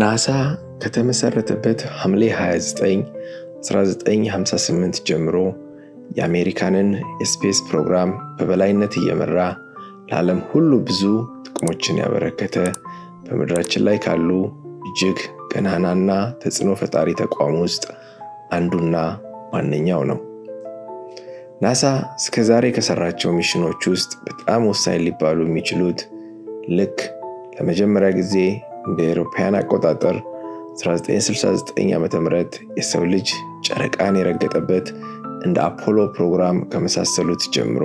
ናሳ ከተመሰረተበት ሐምሌ 29 1958 ጀምሮ የአሜሪካንን የስፔስ ፕሮግራም በበላይነት እየመራ ለዓለም ሁሉ ብዙ ጥቅሞችን ያበረከተ በምድራችን ላይ ካሉ እጅግ ገናናና ተጽዕኖ ፈጣሪ ተቋም ውስጥ አንዱና ዋነኛው ነው። ናሳ እስከዛሬ ከሰራቸው ሚሽኖች ውስጥ በጣም ወሳኝ ሊባሉ የሚችሉት ልክ ለመጀመሪያ ጊዜ እንደ አውሮፓውያን አቆጣጠር 1969 ዓ ም የሰው ልጅ ጨረቃን የረገጠበት እንደ አፖሎ ፕሮግራም ከመሳሰሉት ጀምሮ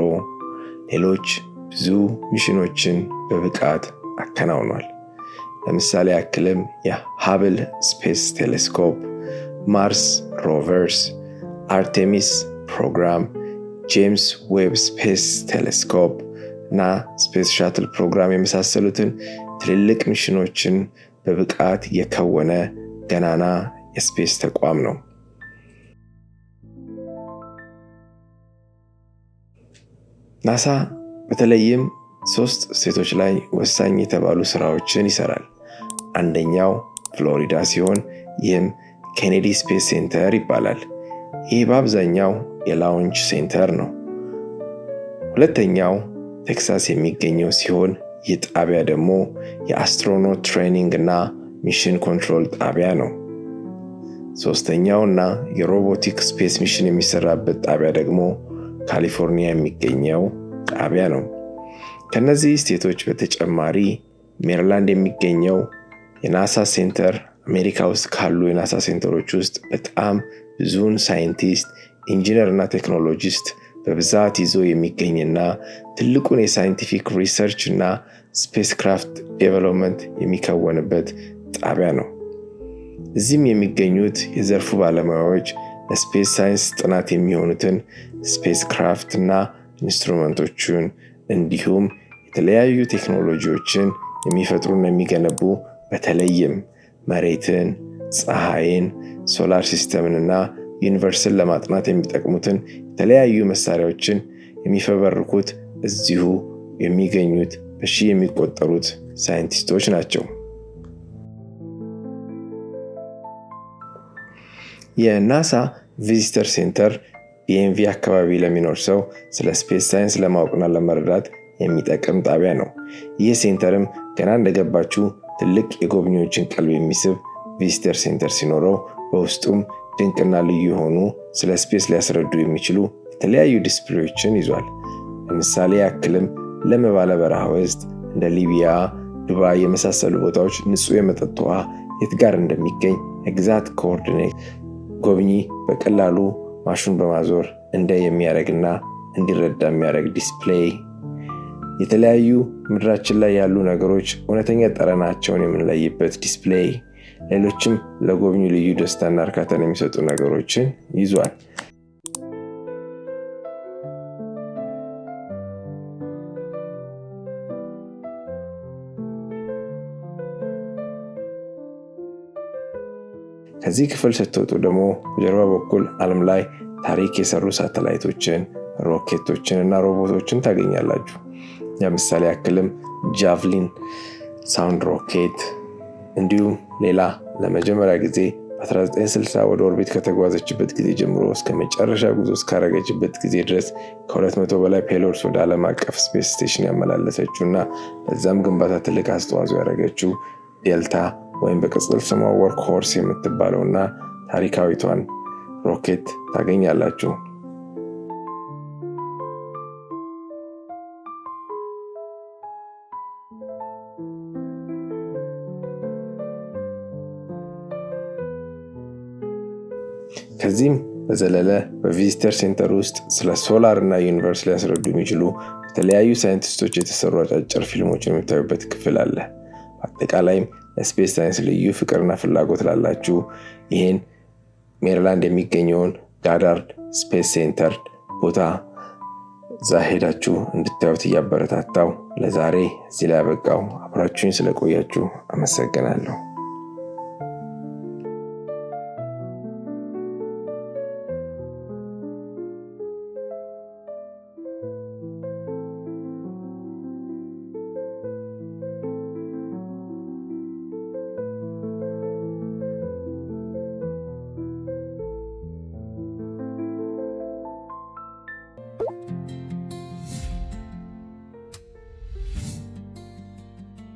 ሌሎች ብዙ ሚሽኖችን በብቃት አከናውኗል። ለምሳሌ ያክልም የሃብል ስፔስ ቴሌስኮፕ፣ ማርስ ሮቨርስ፣ አርቴሚስ ፕሮግራም፣ ጄምስ ዌብ ስፔስ ቴሌስኮፕ እና ስፔስ ሻትል ፕሮግራም የመሳሰሉትን ትልልቅ ሚሽኖችን በብቃት የከወነ ገናና የስፔስ ተቋም ነው። ናሳ በተለይም ሶስት ሴቶች ላይ ወሳኝ የተባሉ ስራዎችን ይሰራል። አንደኛው ፍሎሪዳ ሲሆን ይህም ኬኔዲ ስፔስ ሴንተር ይባላል። ይህ በአብዛኛው የላውንች ሴንተር ነው። ሁለተኛው ቴክሳስ የሚገኘው ሲሆን ይህ ጣቢያ ደግሞ የአስትሮኖት ትሬኒንግ እና ሚሽን ኮንትሮል ጣቢያ ነው። ሶስተኛውና የሮቦቲክ ስፔስ ሚሽን የሚሰራበት ጣቢያ ደግሞ ካሊፎርኒያ የሚገኘው ጣቢያ ነው። ከነዚህ ስቴቶች በተጨማሪ ሜሪላንድ የሚገኘው የናሳ ሴንተር አሜሪካ ውስጥ ካሉ የናሳ ሴንተሮች ውስጥ በጣም ብዙውን ሳይንቲስት፣ ኢንጂነር እና ቴክኖሎጂስት በብዛት ይዞ የሚገኝና ትልቁን የሳይንቲፊክ ሪሰርች እና ስፔስ ክራፍት ዴቨሎፕመንት የሚከወንበት ጣቢያ ነው። እዚህም የሚገኙት የዘርፉ ባለሙያዎች ለስፔስ ሳይንስ ጥናት የሚሆኑትን ስፔስ ክራፍት እና ኢንስትሩመንቶቹን እንዲሁም የተለያዩ ቴክኖሎጂዎችን የሚፈጥሩና የሚገነቡ በተለይም መሬትን፣ ፀሐይን፣ ሶላር ሲስተምንና ዩኒቨርስን ለማጥናት የሚጠቅሙትን የተለያዩ መሳሪያዎችን የሚፈበርኩት እዚሁ የሚገኙት በሺ የሚቆጠሩት ሳይንቲስቶች ናቸው። የናሳ ቪዚተር ሴንተር ቢኤንቪ አካባቢ ለሚኖር ሰው ስለ ስፔስ ሳይንስ ለማወቅና ለመረዳት የሚጠቅም ጣቢያ ነው። ይህ ሴንተርም ገና እንደገባችሁ ትልቅ የጎብኚዎችን ቀልብ የሚስብ ቪዚተር ሴንተር ሲኖረው በውስጡም ድንቅና ልዩ የሆኑ ስለ ስፔስ ሊያስረዱ የሚችሉ የተለያዩ ዲስፕሌዎችን ይዟል። ለምሳሌ ያክልም ለመባለ በረሃ ውስጥ እንደ ሊቢያ፣ ዱባይ የመሳሰሉ ቦታዎች ንጹህ የመጠጥ ውሃ የት ጋር እንደሚገኝ የግዛት ኮኦርዲኔት ጎብኚ በቀላሉ ማሹን በማዞር እንደ የሚያደርግና እንዲረዳ የሚያደርግ ዲስፕሌይ፣ የተለያዩ ምድራችን ላይ ያሉ ነገሮች እውነተኛ ጠረናቸውን የምንለይበት ዲስፕሌይ ሌሎችም ለጎብኚ ልዩ ደስታና እርካታን የሚሰጡ ነገሮችን ይዟል። ከዚህ ክፍል ስትወጡ ደግሞ በጀርባ በኩል ዓለም ላይ ታሪክ የሰሩ ሳተላይቶችን፣ ሮኬቶችን እና ሮቦቶችን ታገኛላችሁ። ለምሳሌ ያክልም ጃቭሊን፣ ሳውንድ ሮኬት እንዲሁም ሌላ ለመጀመሪያ ጊዜ በ1960 ወደ ኦርቢት ከተጓዘችበት ጊዜ ጀምሮ እስከ መጨረሻ ጉዞ እስካረገችበት ጊዜ ድረስ ከ200 በላይ ፔሎድስ ወደ ዓለም አቀፍ ስፔስ ስቴሽን ያመላለሰችው እና በዛም ግንባታ ትልቅ አስተዋጽኦ ያደረገችው ዴልታ ወይም በቅጽል ስሟ ወርክ ሆርስ የምትባለውና ታሪካዊቷን ሮኬት ታገኛላችሁ። ከዚህም በዘለለ በቪዚተር ሴንተር ውስጥ ስለ ሶላር እና ዩኒቨርስ ሊያስረዱ የሚችሉ የተለያዩ ሳይንቲስቶች የተሰሩ አጫጭር ፊልሞችን የሚታዩበት ክፍል አለ። በአጠቃላይም ለስፔስ ሳይንስ ልዩ ፍቅርና ፍላጎት ላላችሁ ይህን ሜሪላንድ የሚገኘውን ጋዳርድ ስፔስ ሴንተር ቦታ እዛ ሄዳችሁ እንድታዩት እያበረታታው ለዛሬ እዚህ ላይ ያበቃው። አብራችሁኝ ስለቆያችሁ አመሰግናለሁ።